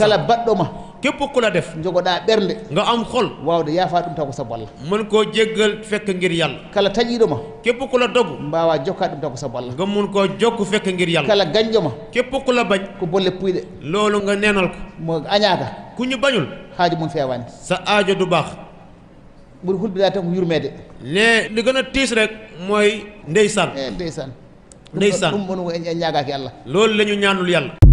kala baddo ma képp ko la def da ɓernde nga am xol wawde yaafa ɗum taw ko sa allah mon ko jegal fek ngir yalla kala tajido ma képp ko la dogu mbawa jokka dum taw ko sabu allah nga mon ko jokku fek ngir yalla kala ganjo ma képp ko la bañ ko bolle nga nenal ko mo añaka ku bañul mon fewani sa aajo du da tan yurmede ne li gëna tiss rek moy ndeysan ndeysan ndeysan ñaanul yalla